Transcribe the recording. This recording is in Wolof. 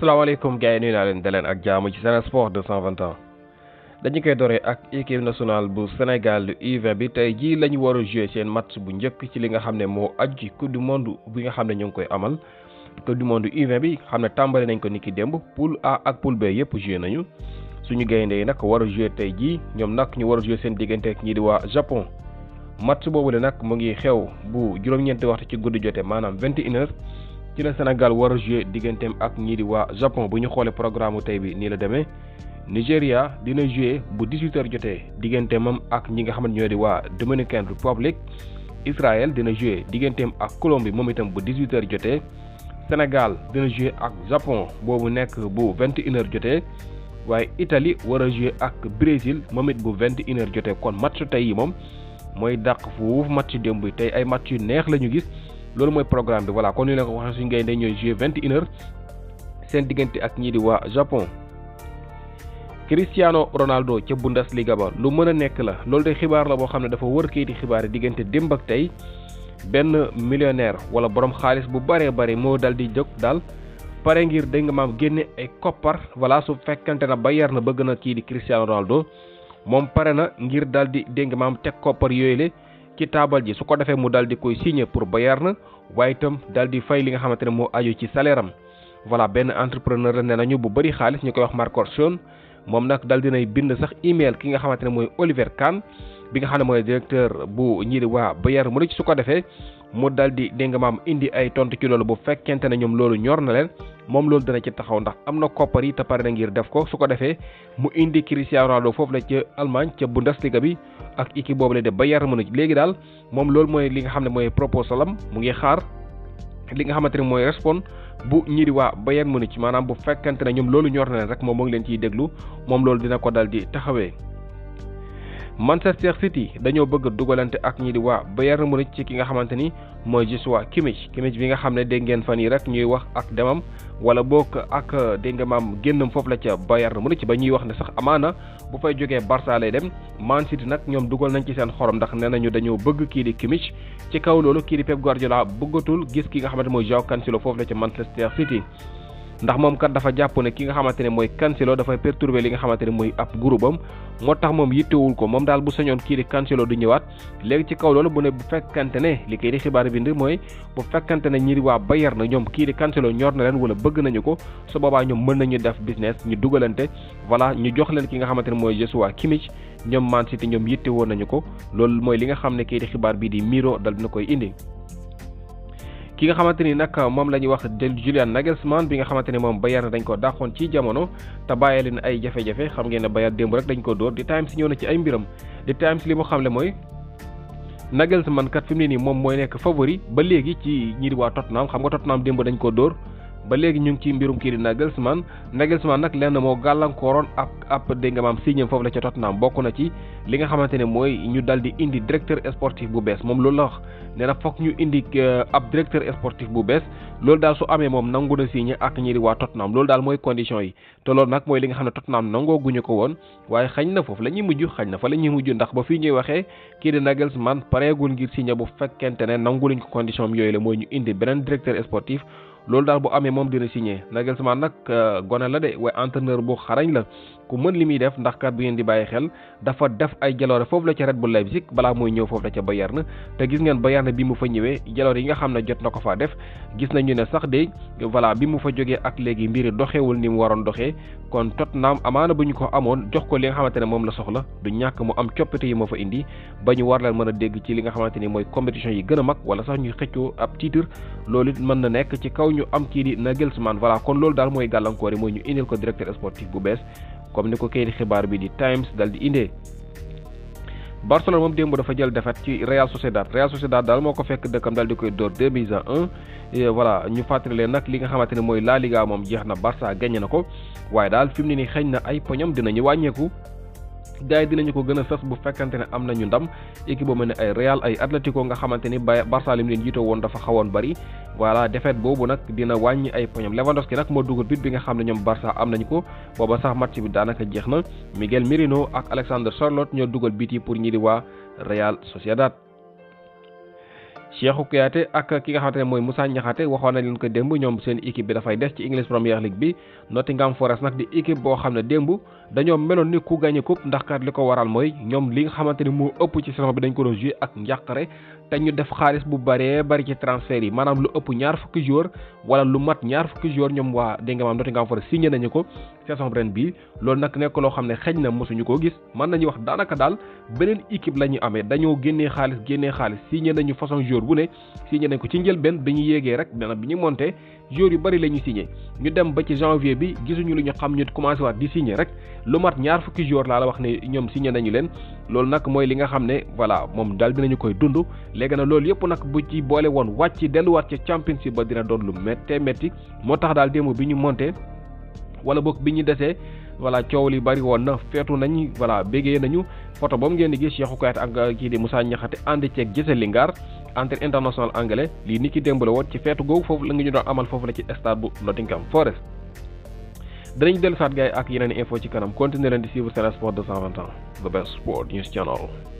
salaamaaleykum gars yi nuyu naa leen daleen ak jaamu ci Sen Sport 221 dañu koy doree ak équipe nationale bu Sénégal U20 bi tey jii la ñu war a jouer seen match bu njëkk ci li nga xam ne moo aju ci coupe du monde bi nga xam ne ñoo ngi koy amal coupe du monde U20 bi xam ne tàmbali nañ ko ki démb poule A ak poule B yëpp joué nañu suñu gaynde yi nag war a jouer tey jii ñoom nag ñu war a seen diggante ak ñii di waa Japon match boobu de nag mu ngi xew bu juróom-ñeenti waxtu ci guddi jotee maanaam 21 heures ci la Sénégal war a joué digganteem ak ñii di waa Japon bu ñu xoolee programme tey bi nii la demee Nigeria dina joué bu 18h jotee digganteemam ak ñi nga xam ne ñoo di waa Dominican Republic Israël dina joué digganteem ak Colombie moom itam bu 18h jotee Sénégal dina joué ak Japon boobu nekk bu 21h jotee waaye Italie war a joué ak Brésil moom it bu 21h jotee kon match tey yi moom mooy dàq foofu match démb bi tey ay match yu neex la ñu gis. loolu mooy programme bi voilà kon ñu leen ko waxee suñu gaynde ñooy joué vingt seen diggante ak ñii di waa Japon. Cristiano Ronaldo ca Bundesliga ba lu mën a nekk la loolu de xibaar la boo xam ne dafa wër kayiti xibaar yi diggante démb ak tey benn millionnaire wala boroom xaalis bu baree bari moo dal di jóg daal. pare ngir dégg maam génne ay koppar voilà su fekkante na yar na bëgg na kii di Cristiano Ronaldo moom pare na ngir daal di dégg nga teg koppar yooyu le ci taabal ji su ko defee mu daal di koy signé pour Bayern waaye itam daal di fay li nga xamante ne moo aju ci salaire am voilà benn entrepreneur la ne nañu bu bëri xaalis ñu koy wax Marco Schoen moom nag daal dinay bind sax email ki nga xamante ne mooy Oliver Kahn bi nga xam ne mooy directeur bu ñii di waa mu Munich su ko defee mu dal di dégg indi ay tontu ci loolu bu fekkente ne ñoom loolu ñor na leen moom loolu dana ci taxaw ndax am na koppar yi te pare na ngir def ko su ko defee mu indi Cristiano Ronaldo foofu la ca Allemagne ca Bundesliga bi ak équipe boobu la de Bayern Munich léegi daal moom loolu mooy li nga xam ne mooy proposal am mu ngi xaar li nga xamante ne mooy respond bu ñii di waa Bayern ci maanaam bu fekkente ne ñoom loolu ñor na leen rek moom moo ngi leen ciy déglu moom loolu dina ko dal di taxawee. Manchester City dañoo bëgg dugalante ak ñi di waa Bayern Munich ci ki nga xamante ni mooy Joshua Kimmich Kimmich bi nga xam ne dégg ngeen fan yi rek ñuy wax ak demam wala bokk ak dégg nga maam génnam foofu la ca Bayern ci ba ñuy wax ne sax amaana bu fay jógee Barça lay dem Man City nag ñoom dugal nañ ci seen xorom ndax nee ñu dañoo bëgg kii di Kimmich ci kaw loolu kii di Pep Guardiola bëggatul gis ki nga xamante mooy Joao Cancelo foofu la ca Manchester City ndax moom kat dafa jàpp ne ki nga xamante ne mooy Cancelo dafa perturber li nga xamante ne mooy ab groupam moo tax moom yittewul ko moom daal bu sañoon kii di Cancelo du ñëwaat léegi ci kaw loolu bu ne bu fekkante ne li koy di xibaar bind mooy bu fekkante ne ñi waa Bayern na ñoom kii di Cancelo ñor na leen wala bëgg nañu ko su boobaa ñoom mën nañu def business ñu dugalante voilà ñu jox leen ki nga xamante ne mooy Joshua Kimmich ñoom Man City ñoom yitte woon nañu ko loolu mooy li xam ne kii xibaar bii di Miro dal dina koy indi ki nga xamante nak nag uh, moom la ñuy wax de julian nagelsman bi nga xamante ni moom bayar dañ ko daxoon ci jamono te bàyyi leen ay jafe-jafe xam ngeen ne bayar démb rek dañ ko door di times ñëw na ci ay mbiram di times li mu xam le mooy nagelsman kat fi mu ne nii moom favori ba léegi ci ñii di waa tottenham xam nga tottenham démb dañ ko door ba léegi ñu ngi ci mbirum kii di Nagelsmann Nagelsmann nag lenn moo gàllankooroon ab ab dégg nga maam signé foofu la ca Tottenham bokk na ci li nga xamante ne mooy ñu dal di indi directeur sportif bu bees moom loolu la wax nee na foog ñu indi euh, ab directeur sportif bu bees loolu daal su amee moom nangu na signé ak ñi di waa Tottenham loolu daal mooy condition yi te loolu nag mooy li nga xam ne Tottenham nangoo guñu ko woon waaye xañ na foofu la ñuy mujj xañ na fa la ñuy ndax ba fii ñuy waxee kii di Nagelsmann pareegul ngir signé bu fekkente ne nangu luñ ko condition am yooyu la mooy ñu indi beneen directeur sportif loolu daal bu amee moom dina signé Nagelsmann nag euh, gone la de waaye entraîneur bu xarañ la ku mën li muy def ndax kat bu ngeen di bàyyi xel dafa def ay jaloore foofu la ca Red Bull Leipzig balaa mooy ñëw foofu la ca na te gis ngeen Bayern bi mu fa ñëwee jaloore yi nga xam ne jot na ko faa def gis nañu ne sax de voilà bi mu fa jógee ak léegi mbiri doxewul ni mu waroon doxee kon tot naam amaana bu ñu ko amoon jox ko li nga xamante ne moom la soxla du ñàkk mu am coppite yi moo fa indi ba ñu war leen mën a dégg ci li nga xamante ni mooy compétition yi gën a mag wala sax ñu xëccoo ab titre loolu it mën na nekk ñu am kii di Nagelsmann voilà kon loolu daal mooy gàllankoor yi mooy ñu indil ko directeur sportif bu bees comme ni ko kayit xibaar bi di Times dal di indee. Barcelone moom démb dafa jël defet ci Real Sociedad Real Sociedad daal moo ko fekk dëkkam daal di koy door 2 buts à ñu fàttali leen nag li nga xamante ne mooy La Liga moom jeex na Barça gagné na ko waaye daal fi mu ne nii na ay poñam dinañu wàññeeku. gars yi dinañu ko gën a sës bu fekkante ne am nañu ndam équipe boo mel ne ay Real ay Atlético nga xamante ni Barça lim leen jiite woon dafa xawoon bari voilà défaite boobu nag dina wàññi ay poñam Lewandowski nag moo dugal but bi nga xam ne ñoom Barça am nañu ko booba sax match bi daanaka jeex na Miguel Merino ak Alexander Charlotte ñoo dugal but yi pour ñi di waa Real Sociedad Cheikhou Kouyaté ak ki nga xamante ne mooy Moussa Niakhaté waxoon nañ leen ko démb ñoom seen équipe bi dafay des ci English Premier League bi Nottingham Forest nag di équipe boo xam ne démb dañoo meloon ni ku gagné coupe ndax kat li ko waral mooy ñoom li nga xamante ni moo ëpp ci saison bi dañ ko doon joué ak njàqare te ñu def xaalis bu bëree bëri ci transfert yi maanaam lu ëpp ñaar fukki joueur wala lu mat ñaar fukki joueur ñoom waa dégg nga maam Nottingham Forest signé nañu ko saison ren bi loolu nag nekk loo xam ne xëj na mosuñu ko gis mën nañu wax daanaka daal beneen équipe la ñu amee dañoo génne xaalis génne xaalis signé nañu façon joueur bu ne signé nañ ko ci njëlbeen bi ñu yéegee rek maanaam bi ñu monté jour yu bari la ñu signé ñu dem ba ci janvier bi gisuñu lu ñu xam ñu commencé waat di signé rek lu mat ñaar fukki joueurs laa la wax ne ñoom signé nañu leen loolu nag mooy li nga xam ne voilà moom daal dinañu koy dund léegi nag loolu yëpp nag bu ci boole woon wàcc delluwaat ca championship ba dina doon lu méttee métti moo tax daal démb bi ñu monté wala boog bi ñu desee voilà coow li bari woon na feetu nañ voilà bégee nañu photo boobu ngeen di gis Cheikhou Kouyaté ak kii di Moussa Niakhaté ànd ceeg Jesse Lingard entre international anglais lii ni ki démb la woon ci feetu googu foofu la ngi doon amal foofu la ci stade bu Nottingham Forest. danañ dellusaat gars yi ak yeneen info ci kanam continuer leen di suivre Sen Sport 221 the best news channel.